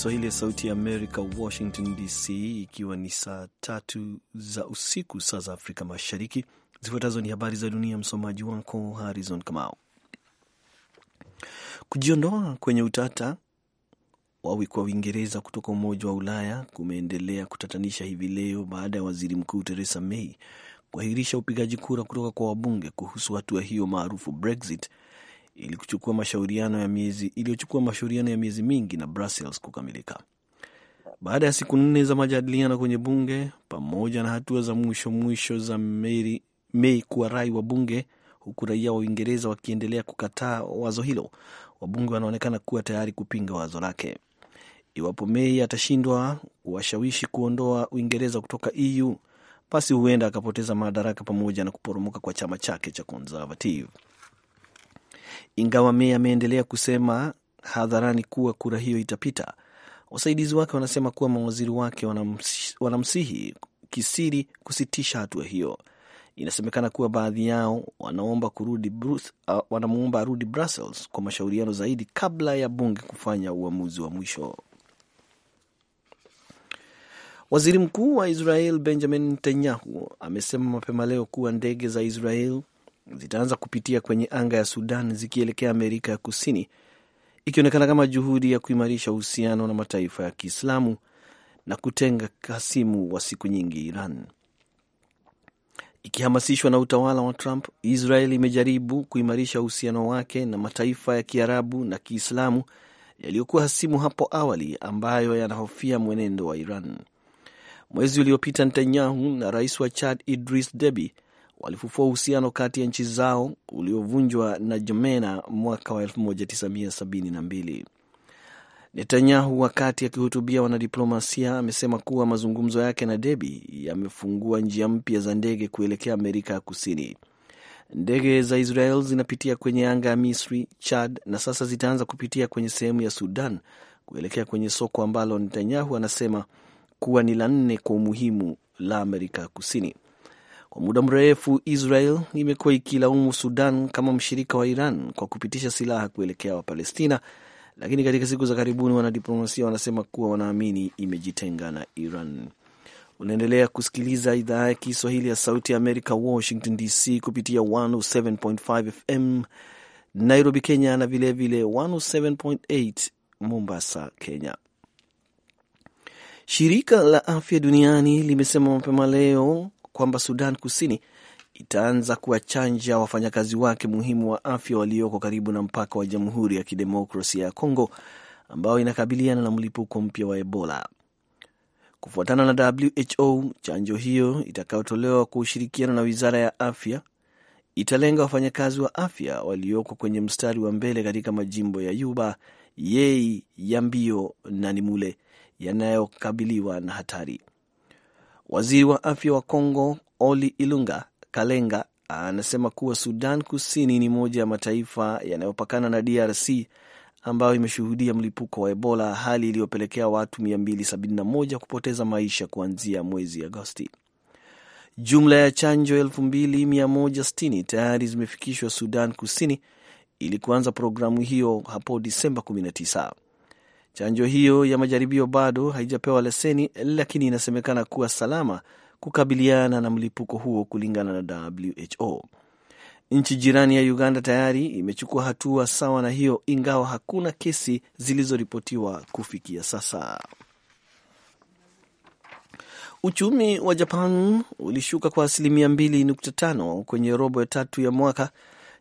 Kiswahili ya Sauti ya Amerika, Washington DC, ikiwa ni saa tatu za usiku saa za Afrika Mashariki. Zifuatazo ni habari za dunia, msomaji wako Harrison Kamau. Kujiondoa kwenye utata wawi kwa Uingereza kutoka Umoja wa Ulaya kumeendelea kutatanisha hivi leo baada ya waziri mkuu Theresa May kuahirisha upigaji kura kutoka kwa wabunge kuhusu hatua hiyo maarufu Brexit ili kuchukua mashauriano ya miezi iliyochukua mashauriano ya miezi mingi na Brussels kukamilika. Baada ya siku nne za majadiliano kwenye bunge pamoja na hatua za mwisho mwisho za Mei, Mei kuwa rai wa bunge, huku raia wa Uingereza wakiendelea kukataa wazo hilo, wabunge wanaonekana kuwa tayari kupinga wazo lake. Iwapo Mei atashindwa kuwashawishi kuondoa Uingereza kutoka EU, basi huenda akapoteza madaraka pamoja na kuporomoka kwa chama chake cha Conservative. Ingawa May ameendelea kusema hadharani kuwa kura hiyo itapita, wasaidizi wake wanasema kuwa mawaziri wake wanamsihi kisiri kusitisha hatua hiyo. Inasemekana kuwa baadhi yao wanaomba kurudi Bruce, uh, wanamuomba arudi Brussels kwa mashauriano zaidi kabla ya bunge kufanya uamuzi wa mwisho. Waziri Mkuu wa Israel Benjamin Netanyahu amesema mapema leo kuwa ndege za Israel zitaanza kupitia kwenye anga ya Sudan zikielekea Amerika ya Kusini, ikionekana kama juhudi ya kuimarisha uhusiano na mataifa ya Kiislamu na kutenga kasimu wa siku nyingi Iran. Ikihamasishwa na utawala wa Trump, Israel imejaribu kuimarisha uhusiano wake na mataifa ya Kiarabu na Kiislamu yaliyokuwa hasimu hapo awali, ambayo yanahofia mwenendo wa Iran. Mwezi uliopita, Netanyahu na rais wa Chad Idris Deby walifufua uhusiano kati ya nchi zao uliovunjwa na Jemena mwaka wa 1972. Netanyahu, wakati akihutubia wanadiplomasia, amesema kuwa mazungumzo yake na Debi yamefungua njia mpya za ndege kuelekea Amerika ya Kusini. Ndege za Israel zinapitia kwenye anga ya Misri, Chad na sasa zitaanza kupitia kwenye sehemu ya Sudan kuelekea kwenye soko ambalo Netanyahu anasema kuwa ni la nne kwa umuhimu la Amerika ya Kusini. Kwa muda mrefu Israel imekuwa ikilaumu Sudan kama mshirika wa Iran kwa kupitisha silaha kuelekea Wapalestina, lakini katika siku za karibuni wanadiplomasia wanasema kuwa wanaamini imejitenga na Iran. Unaendelea kusikiliza idhaa ya Kiswahili ya Sauti ya Amerika, Washington DC, kupitia 107.5 FM Nairobi, Kenya, na vilevile 107.8 Mombasa, Kenya. Shirika la Afya Duniani limesema mapema leo kwamba Sudan Kusini itaanza kuwachanja wafanyakazi wake muhimu wa afya walioko karibu na mpaka wa Jamhuri ya Kidemokrasia ya Kongo ambayo inakabiliana na mlipuko mpya wa Ebola. Kufuatana na WHO, chanjo hiyo itakayotolewa kwa ushirikiano na wizara ya afya italenga wafanyakazi wa afya walioko kwenye mstari wa mbele katika majimbo ya Yuba, Yei, Yambio na Nimule yanayokabiliwa na hatari. Waziri wa afya wa Congo Oli Ilunga Kalenga anasema kuwa Sudan Kusini ni moja ya mataifa yanayopakana na DRC ambayo imeshuhudia mlipuko wa Ebola, hali iliyopelekea watu 271 kupoteza maisha kuanzia mwezi Agosti. Jumla ya chanjo 2160 tayari zimefikishwa Sudan Kusini ili kuanza programu hiyo hapo Disemba 19. Chanjo hiyo ya majaribio bado haijapewa leseni, lakini inasemekana kuwa salama kukabiliana na mlipuko huo, kulingana na WHO. Nchi jirani ya Uganda tayari imechukua hatua sawa na hiyo, ingawa hakuna kesi zilizoripotiwa kufikia sasa. Uchumi wa Japan ulishuka kwa asilimia 2.5 kwenye robo ya tatu ya mwaka,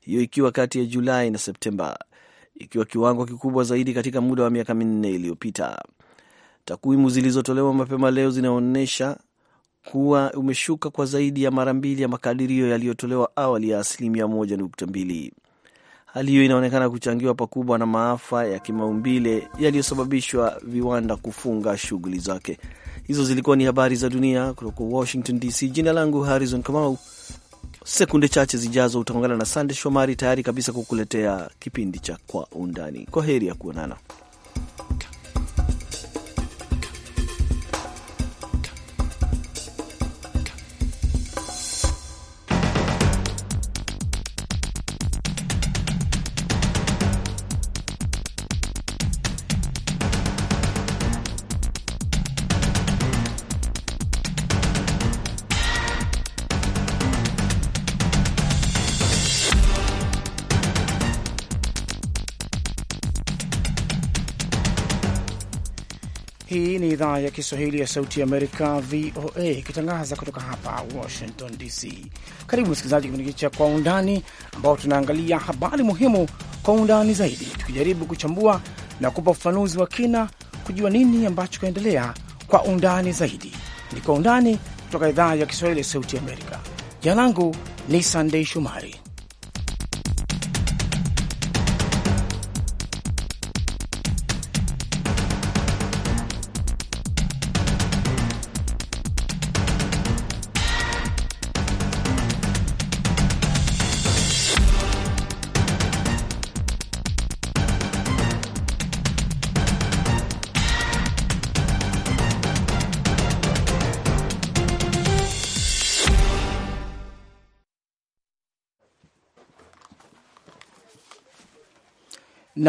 hiyo ikiwa kati ya Julai na Septemba ikiwa kiwango kikubwa zaidi katika muda wa miaka minne iliyopita. Takwimu zilizotolewa mapema leo zinaonyesha kuwa umeshuka kwa zaidi ya mara mbili ya makadirio yaliyotolewa awali ya asilimia 1.2. Hali hiyo inaonekana kuchangiwa pakubwa na maafa ya kimaumbile yaliyosababishwa viwanda kufunga shughuli zake. Hizo zilikuwa ni habari za dunia kutoka Washington DC. Jina langu Harrison Kamau. Sekunde chache zijazo utaungana na Sande Shomari tayari kabisa kukuletea kipindi cha Kwa Undani. Kwa heri ya kuonana. idhaa ya Kiswahili ya Sauti ya Amerika, VOA, ikitangaza kutoka hapa Washington DC. Karibu msikilizaji, kipindi cha Kwa Undani, ambao tunaangalia habari muhimu kwa undani zaidi, tukijaribu kuchambua na kupa ufafanuzi wa kina, kujua nini ambacho kinaendelea kwa undani zaidi. Ni Kwa Undani kutoka idhaa ya Kiswahili ya Sauti ya Amerika. Jina langu ni Sandei Shumari.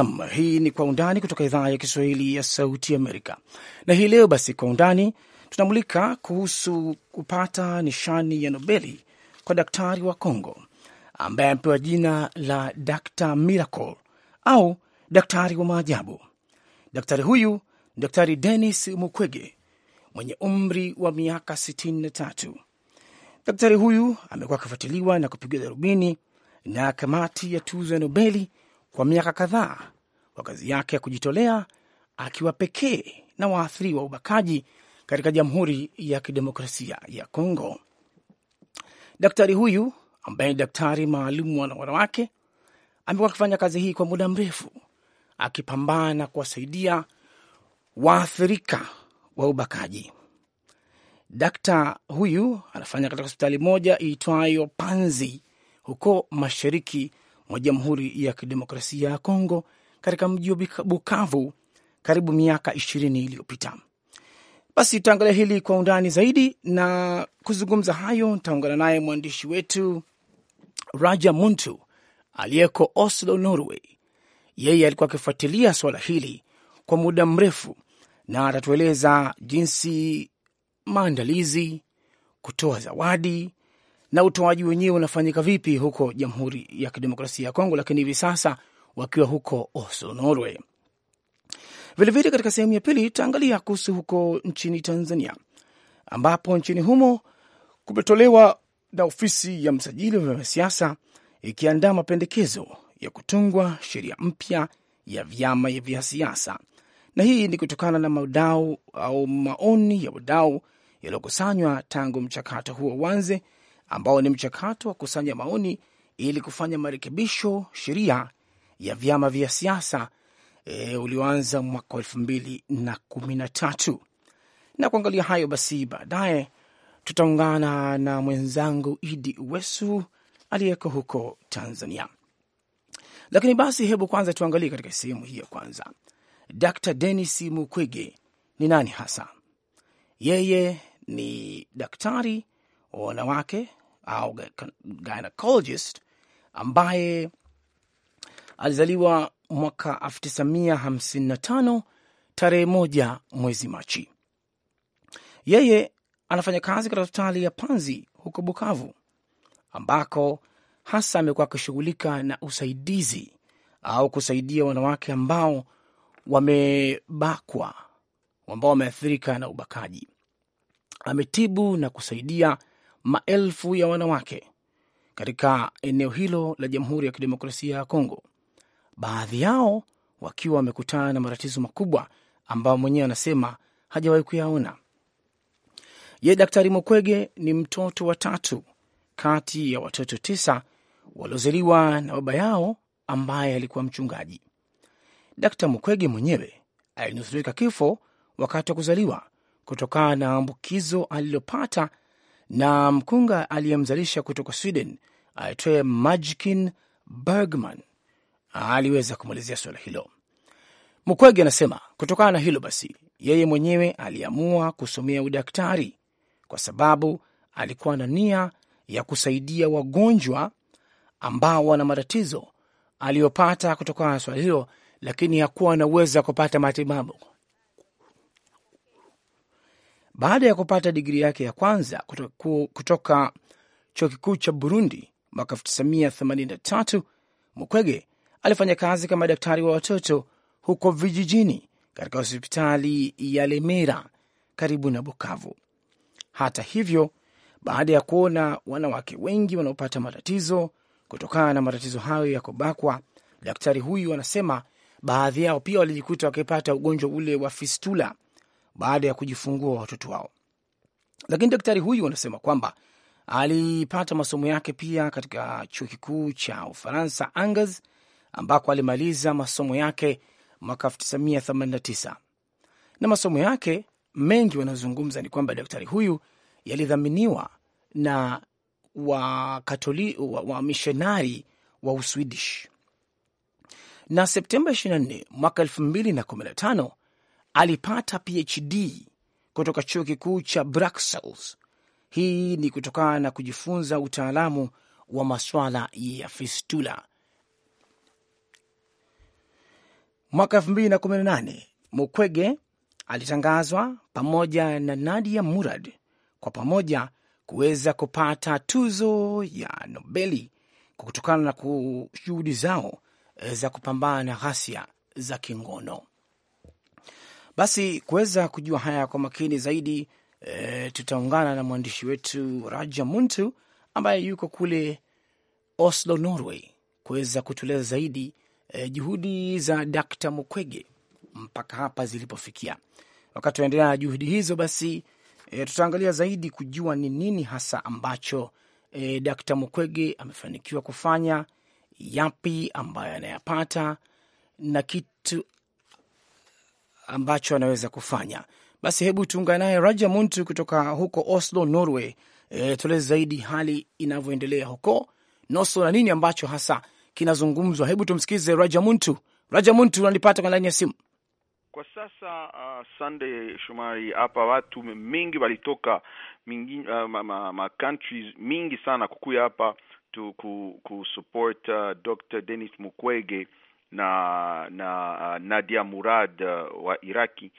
Nam, hii ni Kwa Undani kutoka idhaa ya Kiswahili ya Sauti Amerika. Na hii leo basi, Kwa Undani tunamulika kuhusu kupata nishani ya Nobeli kwa daktari wa congo ambaye amepewa jina la Dr Miracle au daktari wa maajabu. Daktari huyu ni Daktari Denis Mukwege mwenye umri wa miaka 63. Daktari huyu amekuwa akifuatiliwa na kupigwa darubini na kamati ya tuzo ya Nobeli kwa miaka kadhaa kwa kazi yake ya kujitolea akiwa pekee na wa ubakaji katika Jamhuri ya Kidemokrasia ya Kongo. Daktari huyu ambaye ni daktari maalumu wa wanawake amekuwa akifanya kazi hii kwa muda mrefu, akipambana kuwasaidia waathirika wa ubakaji. Dakta huyu anafanya katika hospitali moja iitwayo Panzi huko mashariki mwa Jamhuri ya Kidemokrasia ya Kongo katika mji wa Bukavu karibu miaka ishirini iliyopita. Basi tutaangalia hili kwa undani zaidi, na kuzungumza hayo nitaungana naye mwandishi wetu Raja Muntu aliyeko Oslo, Norway. Yeye alikuwa akifuatilia swala hili kwa muda mrefu, na atatueleza jinsi maandalizi, kutoa zawadi na utoaji wenyewe unafanyika vipi huko Jamhuri ya Kidemokrasia ya Kongo, lakini hivi sasa wakiwa huko Oslo, Norway. Vilevile katika sehemu ya pili tutaangalia kuhusu huko nchini Tanzania, ambapo nchini humo kumetolewa na ofisi ya msajili wa vyama siasa ikiandaa mapendekezo ya kutungwa sheria mpya ya vyama vya siasa, na hii ni kutokana na madau au maoni ya wadau yaliyokusanywa tangu mchakato huo uanze ambao ni mchakato wa kusanya maoni ili kufanya marekebisho sheria ya vyama vya siasa e, ulioanza mwaka wa elfu mbili na kumi na tatu. Na kuangalia hayo basi, baadaye tutaungana na mwenzangu Idi wesu aliyeko huko Tanzania. Lakini basi, hebu kwanza tuangalie katika sehemu hii ya kwanza, Dr Denis Mukwege ni nani hasa? Yeye ni daktari wa wanawake au gynecologist ambaye alizaliwa mwaka 1955 tarehe moja mwezi Machi. Yeye anafanya kazi katika hospitali ya Panzi huko Bukavu, ambako hasa amekuwa akishughulika na usaidizi au kusaidia wanawake ambao wamebakwa, ambao wameathirika na ubakaji. Ametibu na kusaidia maelfu ya wanawake katika eneo hilo la Jamhuri ya Kidemokrasia ya Kongo, baadhi yao wakiwa wamekutana na matatizo makubwa ambao mwenyewe anasema hajawahi kuyaona. Ye Daktari Mukwege ni mtoto wa tatu kati ya watoto tisa waliozaliwa na baba yao ambaye alikuwa mchungaji. Daktari Mukwege mwenyewe alinusurika kifo wakati wa kuzaliwa kutokana na ambukizo alilopata na mkunga aliyemzalisha kutoka Sweden aitwaye Majkin Bergman aliweza kumwelezea suala hilo. Mukwege anasema kutokana na hilo basi, yeye mwenyewe aliamua kusomea udaktari kwa sababu alikuwa na nia ya kusaidia wagonjwa ambao wana matatizo aliyopata kutokana na swala hilo, lakini hakuwa anaweza kupata matibabu baada ya kupata digri yake ya kwanza kutoka, kutoka chuo kikuu cha Burundi mwaka 1983 Mukwege alifanya kazi kama daktari wa watoto huko vijijini katika hospitali ya Lemera karibu na Bukavu. Hata hivyo, baada ya kuona wanawake wengi wanaopata matatizo kutokana na matatizo hayo ya kubakwa, daktari huyu anasema baadhi yao pia walijikuta wakipata ugonjwa ule wa fistula baada ya kujifungua watoto wao. Lakini daktari huyu anasema kwamba alipata masomo yake pia katika chuo kikuu cha Ufaransa Angers, ambako alimaliza masomo yake mwaka 1989 na masomo yake mengi wanazungumza ni kwamba daktari huyu yalidhaminiwa na wamishonari wa, wa, wa Uswidish, na Septemba 24 mwaka 2015 alipata PhD kutoka chuo kikuu cha Brussels. Hii ni kutokana na kujifunza utaalamu wa maswala ya fistula. Mwaka 2018 Mukwege alitangazwa pamoja na Nadia Murad kwa pamoja kuweza kupata tuzo ya Nobeli kutokana na juhudi zao eh, za kupambana na ghasia za kingono. Basi kuweza kujua haya kwa makini zaidi, e, tutaungana na mwandishi wetu Raja Muntu ambaye yuko kule Oslo, Norway, kuweza kutueleza zaidi e, juhudi za Dkt. Mukwege mpaka hapa zilipofikia. Wakati waendelea na juhudi hizo, basi e, tutaangalia zaidi kujua ni nini hasa ambacho e, Dkt. Mukwege amefanikiwa kufanya, yapi ambayo anayapata na kitu ambacho anaweza kufanya. Basi hebu tuungane naye Raja Muntu kutoka huko Oslo, Norway. E, tueleze zaidi hali inavyoendelea huko Noso na nini ambacho hasa kinazungumzwa. Hebu tumsikize Raja Muntu. Raja Muntu, unanipata kwa laini ya simu kwa sasa? Uh, Sunday Shomari, hapa watu mingi walitoka mingi, uh, ma, ma, ma countries mingi sana kukuya hapa tu kusupport uh, Dr. Dennis Mukwege na na uh, Nadia Murad uh, wa Iraki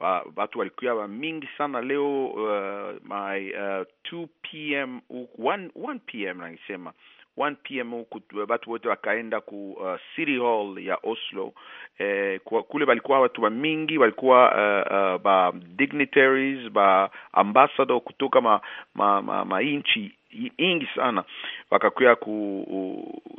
uh, watu uh, walikuwa mingi sana leo uh, my uh, 2 pm 1, 1 pm nangisema 1 pm huku watu wote wakaenda ku uh, City Hall ya Oslo eh, kule walikuwa watu wa mingi walikuwa uh, uh, ba dignitaries ba ambassador kutoka ma, ma, ma, ma inchi nyingi sana bakakwira ku,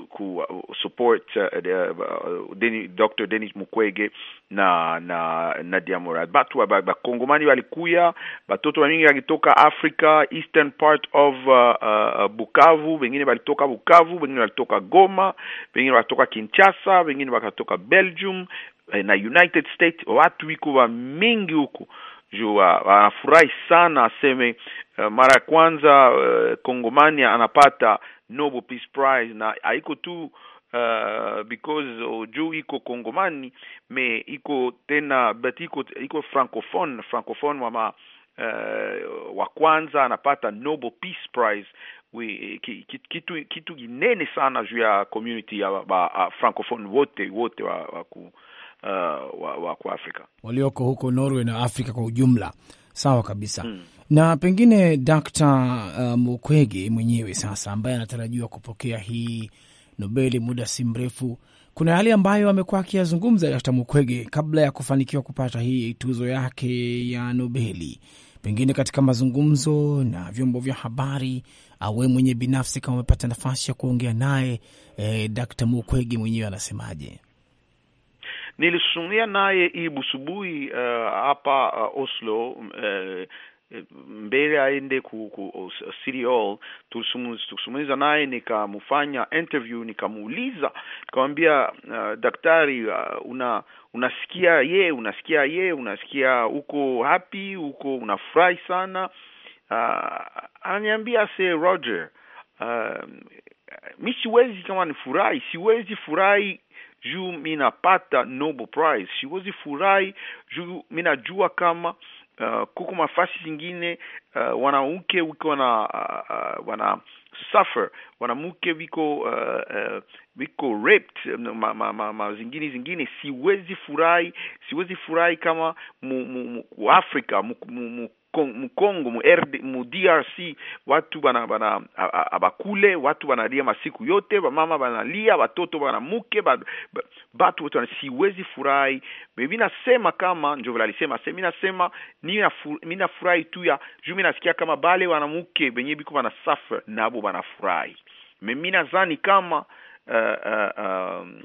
ku support uh, uh, Dr. Denis Mukwege na na na Diamorad batu bakongomani ba, batoto wamingi balitoka Africa eastern part of uh, uh, Bukavu wengine walitoka Bukavu wengine walitoka Goma wengine balitoka Kinshasa wengine wakatoka Belgium eh, na United States watu wiko wa mingi huku juu ah, anafurahi sana, aseme uh, mara ya kwanza uh, eh, Kongomania anapata Nobel Peace Prize na haiko tu Uh, because uh, juu iko Kongomani me iko tena but iko iko francophone francophone wama uh, wa kwanza anapata Nobel Peace Prize we, kitu kitu ginene sana juu ya community ya ba, ah, francophone wote wote wa, wa ku uh, wa, Afrika walioko huko Norway na Afrika kwa ujumla. Sawa kabisa hmm. Na pengine Dkt. Uh, Mukwege mwenyewe sasa, ambaye anatarajiwa kupokea hii Nobeli muda si mrefu, kuna yale ambayo amekuwa akiyazungumza Dkt. Mukwege kabla ya kufanikiwa kupata hii tuzo yake ya Nobeli, pengine katika mazungumzo na vyombo vya habari awe mwenye binafsi, kama amepata nafasi ya kuongea naye. Eh, Dkt. Mukwege mwenyewe anasemaje? Nilisumia naye hii busubuhi eh, hapa uh, uh, Oslo uh, mbele aende ku, ku City Hall tulisumuliza naye, nikamfanya interview, nikamuuliza nikamwambia, uh, daktari uh, una unasikia ye unasikia ye unasikia uko happy uko unafurahi sana uh, ananiambia se Roger, uh, mi siwezi kama ni furahi siwezi furahi juu minapata Nobel Prize, siwezi furahi juu minajua kama uh, kuko mafasi zingine uh, wanawake wiko wana, uh, uh, wana suffer wanamke viko uh, uh, raped um, ma, ma, ma, ma zingine zingine, siwezi furahi, siwezi furahi kama mu, mu, mu Afrika mu, mu, mu Mkongo mu, RD, mu DRC watu bana bana abakule watu banalia masiku yote, bamama banalia, batoto banamuke, batu ba, wote siwezi furahi. Mimi nasema kama njo vile alisema, mimi nasema mimi nafurahi tu ya juu, nasikia kama bale wanamuke benye biko bana suffer nabo banafurahi mimi nadhani kama uh, uh, um,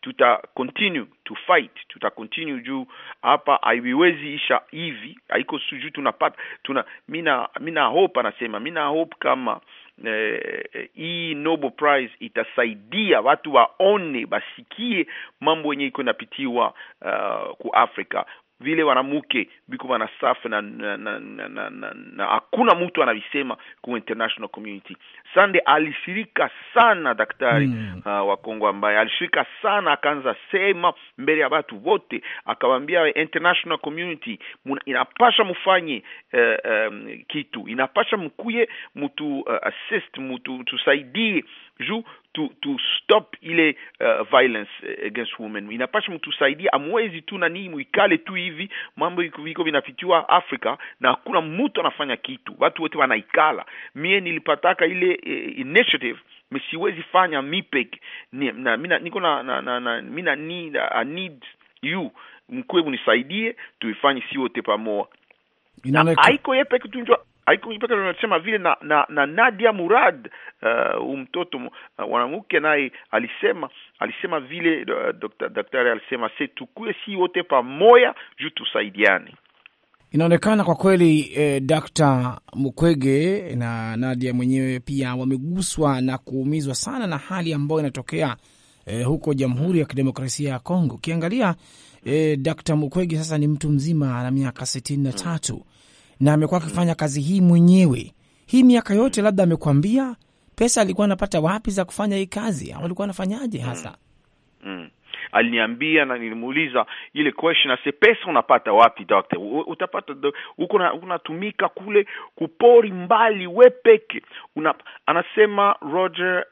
tuta continue to fight, tuta continue juu hapa haiwezi isha hivi, haiko sujuu tunapata tuna, mina mina hope anasema, mina hope kama eh, eh, hii eh, Nobel Prize itasaidia watu waone basikie mambo yenye iko inapitiwa uh, ku Africa vile wanamuke biko banasafe na na, na, na, na, na, na hakuna mtu anavisema ku international community. Sande alishirika sana daktari mm. uh, wa Kongo ambaye alishirika sana, akaanza sema mbele ya watu wote, akawaambia international community muna, inapasha mufanye uh, um, kitu inapasha mkuye mtu uh, assist mtu tusaidie juu to, to stop ile uh, violence uh, against women. Inapasha mtusaidia, amwezi tu na nanii mwikale tu hivi mambo viko vinafitiwa Afrika na hakuna mtu anafanya kitu, watu wote wanaikala. Mie nilipataka ile uh, initiative msiwezi fanya mipek ni, na, mina, niko na, na, na, na mina need, I need you mkwe munisaidie tuifanye si wote pamoja, na haiko yepeke tunjwa haikuipata tunasema vile na, na, na Nadia Murad uh, mtoto uh, mwanamke uh, naye alisema alisema vile uh, daktari alisema se tukue si wote pamoya juu tusaidiane. Inaonekana kwa kweli eh, Dr. Mukwege na Nadia mwenyewe pia wameguswa na kuumizwa sana na hali ambayo inatokea eh, huko Jamhuri ya Kidemokrasia ya Kongo. Ukiangalia eh, Dr. Mukwege sasa ni mtu mzima na miaka sitini na tatu na amekuwa akifanya kazi hii mwenyewe hii miaka yote, labda amekuambia pesa alikuwa anapata wapi za kufanya hii kazi, au alikuwa anafanyaje mm. hasa? mm. Mm. Aliniambia na nilimuuliza ile question, ase pesa unapata wapi doctor? Utapata huko, unatumika kule kupori mbali, wepeke una, anasema Roger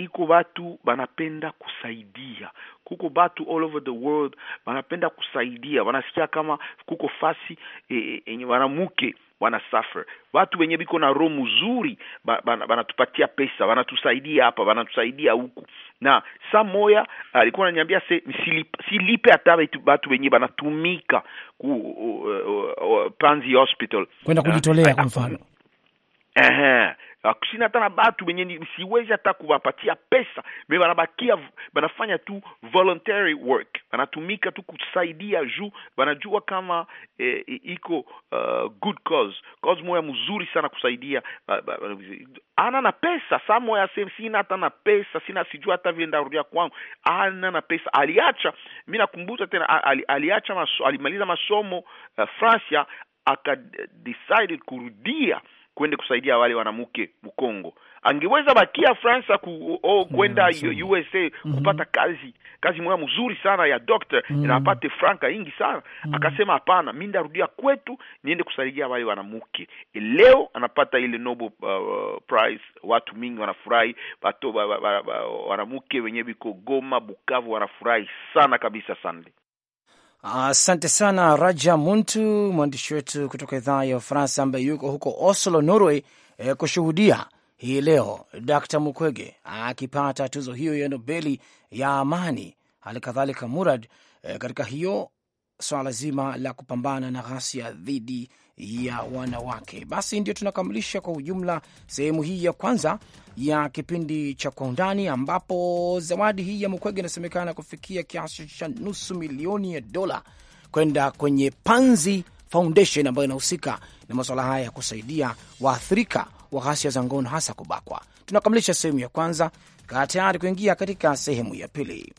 iko batu banapenda kusaidia, kuko batu all over the world banapenda kusaidia, wanasikia kama kuko fasi e, e, enye wanamuke wana suffer. watu wenye biko na roho mzuri banatupatia ba, ba, pesa, wanatusaidia hapa, wanatusaidia huku. Na sa moya alikuwa ananiambia silipe hata batu wenye banatumika ku uh, uh, uh, Panzi Hospital kwenda kujitolea kwa mfano akusina hata na batu benye siwezi hata kuwapatia pesa me banabakia banafanya tu voluntary work banatumika tu kusaidia juu banajua kama eh, iko uh, good cause cause moya mzuri sana kusaidia uh, ana na pesa saa moya aseme sina hata na pesa sina sijua hata vile ndarudia kwangu ana na pesa aliacha mi nakumbuta tena ali, aliacha maso, alimaliza masomo uh, francia akadecided kurudia kwende kusaidia wale wanamke Mkongo. Angeweza bakia Fransa ku, oh, kwenda yeah, USA mm -hmm. kupata kazi kazi moya mzuri sana ya doctor mm -hmm. na apate franka ingi sana mm -hmm. Akasema hapana, mi ndarudia kwetu niende kusaidia wale wanamke. E, leo anapata ile Nobel uh, Prize, watu mingi wanafurahi, wanamke wenye vikogoma Goma, Bukavu wanafurahi sana kabisa. Sande. Asante uh, sana Raja Muntu, mwandishi wetu kutoka idhaa ya Ufaransa ambaye yuko huko Oslo, Norway, eh, kushuhudia hii leo Dkt Mukwege akipata tuzo hiyo ya Nobeli ya amani, hali kadhalika Murad eh, katika hiyo swala zima la kupambana na ghasia dhidi ya wanawake. Basi ndio tunakamilisha kwa ujumla sehemu hii ya kwanza ya kipindi cha Kwa Undani, ambapo zawadi hii ya Mukwege inasemekana kufikia kiasi cha nusu milioni ya dola kwenda kwenye Panzi Foundation ambayo inahusika na, maswala masuala haya ya kusaidia waathirika wa ghasia za ngono hasa kubakwa. Tunakamilisha sehemu ya kwanza, kaa tayari kuingia katika sehemu ya pili.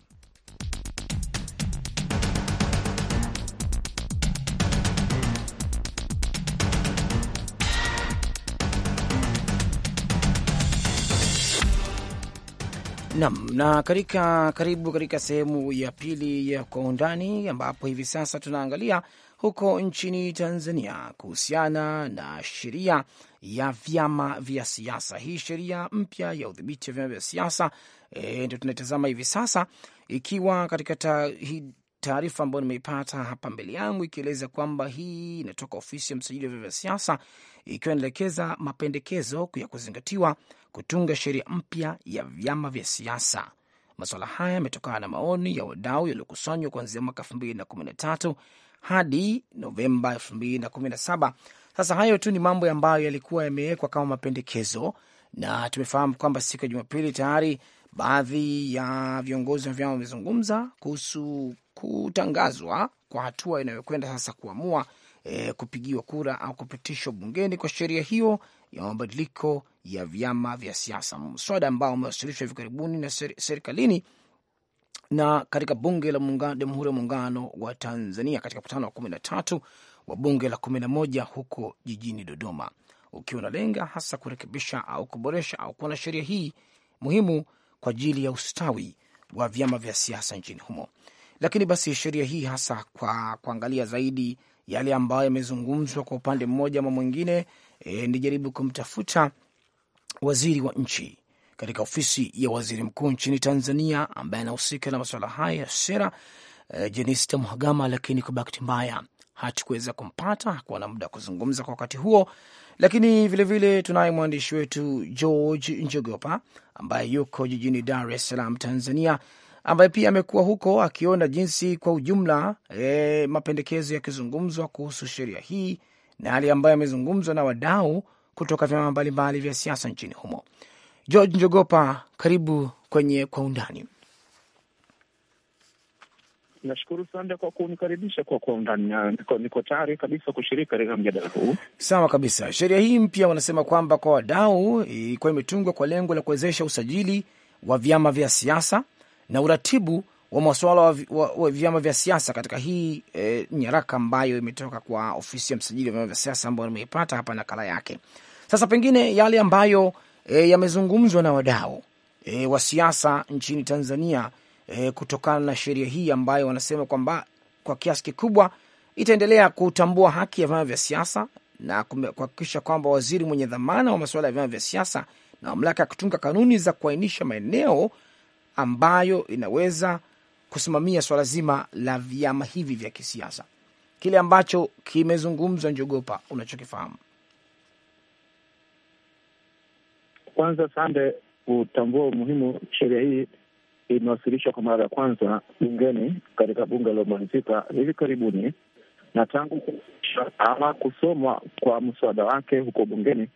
Nam na, na katika karibu katika sehemu ya pili ya kwa undani, ambapo hivi sasa tunaangalia huko nchini Tanzania kuhusiana na sheria ya vyama vya siasa. Hii sheria mpya ya udhibiti wa vyama vya siasa e, ndio tunaitazama hivi sasa, ikiwa katika taarifa ambayo nimeipata hapa mbele yangu ikieleza kwamba hii inatoka ofisi ya msajili wa vyama vya siasa ikiwa inaelekeza mapendekezo ya kuzingatiwa kutunga sheria mpya ya vyama vya siasa. Masuala haya yametokana na maoni ya wadau yaliyokusanywa kuanzia mwaka elfu mbili na kumi na tatu hadi Novemba elfu mbili na kumi na saba. Sasa hayo tu ni mambo ambayo yalikuwa yamewekwa kama mapendekezo, na tumefahamu kwamba siku ya Jumapili tayari baadhi ya viongozi wa vyama wamezungumza kuhusu kutangazwa kwa hatua inayokwenda sasa kuamua e, kupigiwa kura au kupitishwa bungeni kwa sheria hiyo ya mabadiliko ya vyama vya siasa, mswada ambao umewasilishwa hivi karibuni na ser serikalini na katika bunge la Jamhuri ya Muungano wa Tanzania katika mkutano wa kumi na tatu wa bunge la kumi na moja huko jijini Dodoma, ukiwa unalenga hasa kurekebisha au kuboresha au kuwa na sheria hii muhimu kwa ajili ya ustawi wa vyama vya siasa nchini humo lakini basi sheria hii hasa kwa kuangalia zaidi yale ambayo yamezungumzwa kwa upande mmoja ama mwingine. E, nijaribu kumtafuta waziri wa nchi katika ofisi ya waziri mkuu nchini Tanzania ambaye anahusika na masuala haya ya sera e, Jenista Mhagama, lakini kwa bahati mbaya hatukuweza kumpata, hakuwa na muda wa kuzungumza kwa wakati huo. Lakini vilevile tunaye mwandishi wetu George Njogopa ambaye yuko jijini Dar es Salaam, Tanzania, ambaye pia amekuwa huko akiona jinsi kwa ujumla e, mapendekezo yakizungumzwa kuhusu sheria hii na hali ambayo amezungumzwa na wadau kutoka vyama mbalimbali vya siasa nchini humo. George Njogopa, karibu kwenye Kwa Undani. Nashukuru sana kwa kunikaribisha kwa Kwa Undani. Niko, niko tayari kabisa kushiriki katika mjadala huu. Sawa kabisa. Sheria hii mpya wanasema kwamba kwa wadau e, ilikuwa imetungwa kwa lengo la kuwezesha usajili wa vyama vya siasa na uratibu wa masuala wa, vyama vya siasa katika hii e, nyaraka ambayo imetoka kwa ofisi ya msajili wa vyama vya siasa ambayo nimeipata hapa nakala yake. Sasa pengine yale ambayo e, yamezungumzwa na wadau e, wa siasa nchini Tanzania e, kutokana na sheria hii ambayo wanasema kwamba kwa kiasi kikubwa itaendelea kutambua haki ya vyama vya siasa na kuhakikisha kwamba waziri mwenye dhamana wa masuala ya vyama vya siasa na mamlaka ya kutunga kanuni za kuainisha maeneo ambayo inaweza kusimamia swala zima la vyama hivi vya kisiasa. Kile ambacho kimezungumzwa, Njogopa, unachokifahamu? Kwanza sande kutambua umuhimu sheria hii imewasilishwa kwa mara ya kwanza bungeni katika bunge lilomalizika hivi karibuni, na tangu ama kusomwa kwa mswada wake huko bungeni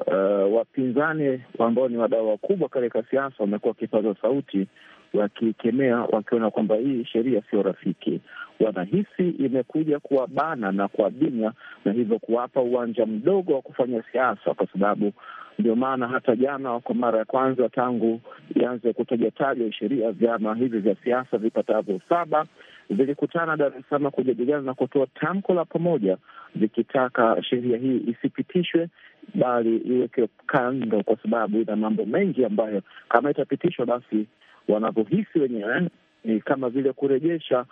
uh, wapinzani ambao ni wadau wakubwa katika siasa wamekuwa wakipaza sauti wakikemea, wakiona kwamba hii sheria sio rafiki wanahisi imekuja kuwabana na kuwabinywa, na hivyo kuwapa uwanja mdogo wa kufanya siasa, kwa sababu ndio maana hata jana kwa mara ya kwanza tangu ianze kutajataja sheria, vyama hivi vya siasa vipatavyo saba vilikutana Dar es Salaam kujadiliana na kutoa tamko la pamoja vikitaka sheria hii isipitishwe, bali iweke kando, kwa sababu ina mambo mengi ambayo kama itapitishwa, basi wanavyohisi wenyewe ni kama vile kurejesha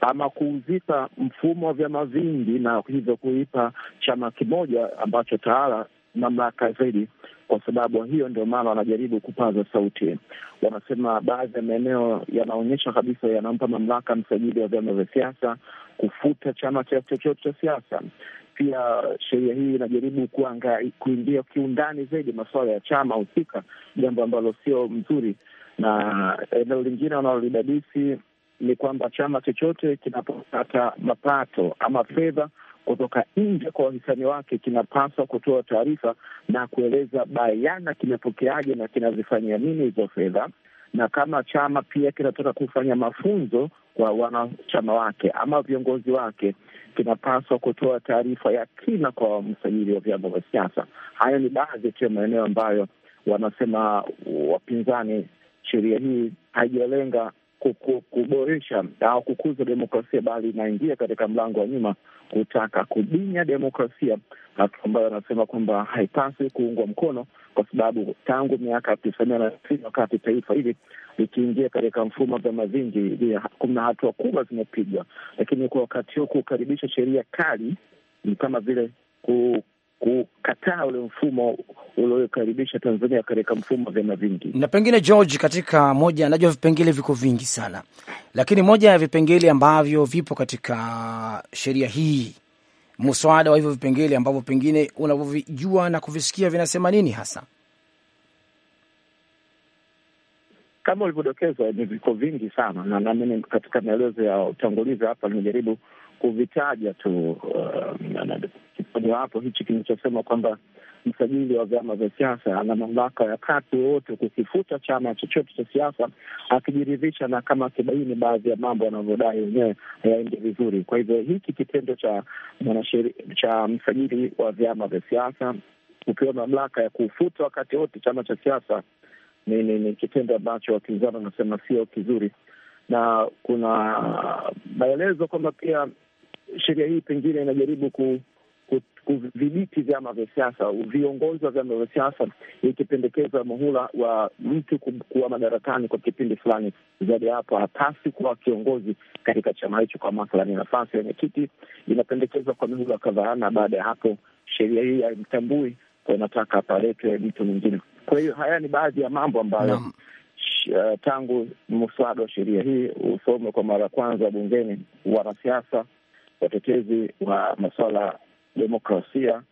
ama kuuzika mfumo wa vyama vingi, na hivyo kuipa chama kimoja ambacho tawala mamlaka zaidi. Kwa sababu hiyo, ndio maana wanajaribu kupaza sauti. Wanasema baadhi ya maeneo yanaonyesha kabisa, yanampa mamlaka msajili wa vyama vya siasa kufuta chama cha chochote cha siasa. Pia sheria hii inajaribu kuingia kiundani zaidi masuala ya chama husika, jambo ambalo sio mzuri. Na eneo lingine wanalodadisi ni kwamba chama chochote kinapopata mapato ama fedha kutoka nje kwa wahisani wake kinapaswa kutoa taarifa na kueleza bayana kimepokeaje na kinazifanyia nini hizo fedha, na kama chama pia kinataka kufanya mafunzo kwa wanachama wake ama viongozi wake, kinapaswa kutoa taarifa ya kina kwa msajili wa vyama vya siasa. Hayo ni baadhi tu ya maeneo ambayo wanasema wapinzani sheria hii haijalenga kuboresha au kukuza demokrasia, bali inaingia katika mlango wa nyuma kutaka kubinya demokrasia, hatua ambayo anasema kwamba haipaswi kuungwa mkono, kwa sababu tangu miaka ya na tisini wakati taifa hili likiingia katika mfumo wa vyama vingi, kuna hatua kubwa zimepigwa, lakini kwa wakati huo kukaribisha sheria kali ni kama vile ku kukataa ule mfumo uliokaribisha Tanzania katika mfumo wa vyama vingi. Na pengine George, katika moja, najua vipengele viko vingi sana, lakini moja ya vipengele ambavyo vipo katika sheria hii, muswada wa hivyo vipengele ambavyo pengine unavyovijua na kuvisikia vinasema nini hasa? Kama ulivyodokezwa, ni viko vingi sana na nami katika maelezo ya utangulizi hapa nimejaribu kuvitaja tu kimojawapo um, uh, hichi kinachosema kwamba msajili wa vyama vya siasa ana mamlaka ya kati yoyote kukifuta chama chochote cha siasa akijiridhisha na kama akibaini baadhi ya mambo anavyodai wenyewe hayaendi vizuri. Kwa hivyo hiki kitendo cha cha msajili wa vyama vya siasa kupewa mamlaka ya kufuta wakati wote chama cha siasa ni, ni, ni kitendo ambacho wapinzani wanasema sio kizuri, na kuna maelezo kwamba pia sheria hii pengine inajaribu ku kudhibiti vyama vya siasa, viongozi wa vyama vya siasa, ikipendekeza muhula wa mtu kuwa madarakani kwa kipindi fulani. Zaidi ya hapo hapasi kuwa kiongozi katika chama hicho, kwa mathalani nafasi ya wenyekiti inapendekezwa kwa mihula kadhaa, na baada ya hapo sheria hii haimtambui, kwa inataka paletwe mtu mwingine. Kwa hiyo haya ni baadhi ya mambo ambayo no. Uh, eh, tangu mswada wa sheria hii usome kwa mara ya kwanza bungeni, wanasiasa watetezi wa masuala ya demokrasia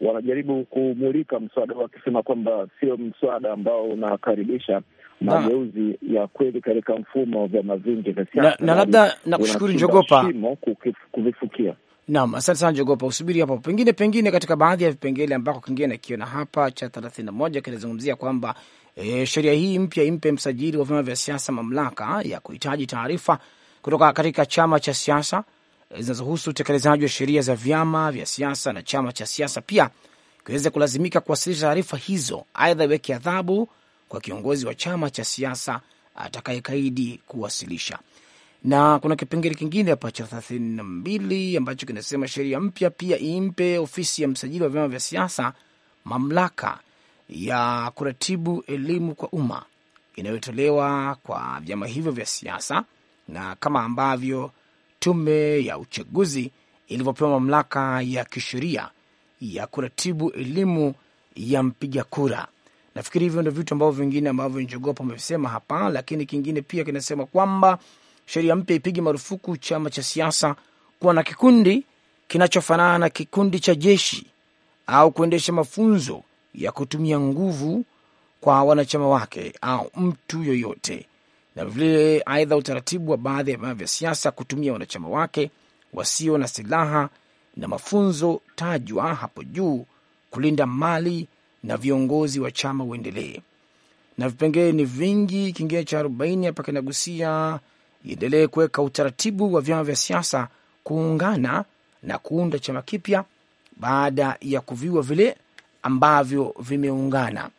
wanajaribu kumulika mswada huu wakisema kwamba sio mswada ambao unakaribisha mageuzi ya kweli katika mfumo wa vyama vingi vya siasa, na labda nakushukuru Njogopa kuvifukia. Naam, asante sana Jogopa, usubiri hapo. Pengine pengine katika baadhi ya vipengele ambako kingine nakiona hapa cha thelathini na moja kinazungumzia kwamba e, sheria hii mpya impe msajili wa vyama vya siasa mamlaka ya kuhitaji taarifa kutoka katika chama cha siasa zinazohusu utekelezaji wa sheria za vyama vya siasa na chama cha siasa pia kiweze kulazimika kuwasilisha taarifa hizo. Aidha, iweke adhabu kwa kiongozi wa chama cha siasa atakayekaidi kuwasilisha. Na kuna kipengele kingine hapa cha thelathini na mbili ambacho kinasema sheria mpya pia impe ofisi ya msajili wa vyama vya siasa mamlaka ya kuratibu elimu kwa umma inayotolewa kwa vyama hivyo vya siasa na kama ambavyo tume ya uchaguzi ilivyopewa mamlaka ya kisheria ya kuratibu elimu ya mpiga kura. Nafikiri hivyo ndio vitu ambavyo vingine ambavyo njogopa amesema hapa, lakini kingine pia kinasema kwamba sheria mpya ipige marufuku chama cha siasa kuwa na kikundi kinachofanana na kikundi cha jeshi au kuendesha mafunzo ya kutumia nguvu kwa wanachama wake au mtu yoyote na vilevile, aidha, utaratibu wa baadhi ya vyama vya siasa kutumia wanachama wake wasio na silaha na mafunzo tajwa hapo juu kulinda mali na viongozi wa chama uendelee, na vipengee ni vingi. Kingine cha arobaini hapa kinagusia iendelee kuweka utaratibu wa vyama vya siasa kuungana na kuunda chama kipya baada ya kuviwa vile ambavyo vimeungana.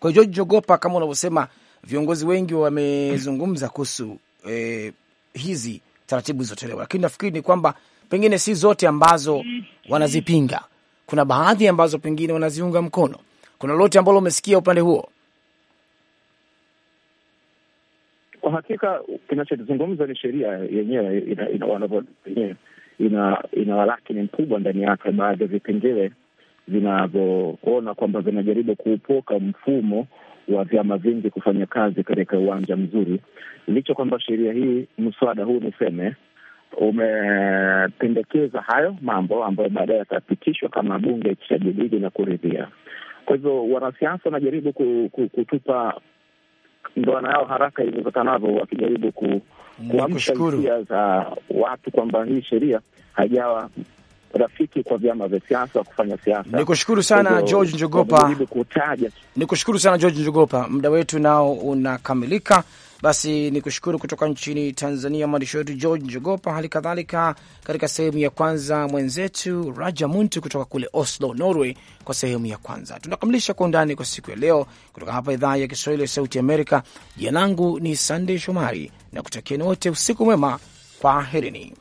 Kwa hiyo George Jogopa, kama unavyosema, viongozi wengi wamezungumza kuhusu eh, hizi taratibu zilizotolewa, lakini nafikiri ni kwamba pengine si zote ambazo wanazipinga, kuna baadhi ambazo pengine wanaziunga mkono. Kuna lote ambalo umesikia upande huo? Kwa hakika kinachozungumza ni sheria yenyewe, ina ina, ina, ina walakini mkubwa ndani yake, baadhi ya vipengele vinavyoona kwamba vinajaribu kuupoka mfumo wa vyama vingi kufanya kazi katika uwanja mzuri, licha kwamba sheria hii, mswada huu niseme, umependekeza hayo mambo ambayo baadaye yatapitishwa kama bunge ikishajadili na kuridhia. Kwa hivyo wanasiasa wanajaribu kutupa ndoana yao haraka iwezekanavyo, wakijaribu kuamsha hisia za watu kwamba hii sheria haijawa rafiki kwa vyama vya siasa kufanya siasa. Nikushukuru sana George Njogopa, nikushukuru sana George Njogopa. Muda wetu nao unakamilika, basi nikushukuru kutoka nchini Tanzania mwandishi wetu George Njogopa, hali kadhalika katika sehemu ya kwanza mwenzetu Raja Muntu kutoka kule Oslo, Norway, kwa sehemu ya kwanza. Tunakamilisha kwa undani kwa siku ya leo kutoka hapa idhaa ya Kiswahili ya Sauti Amerika. Jina langu ni Sandey Shomari na kutakieni wote usiku mwema, kwaherini.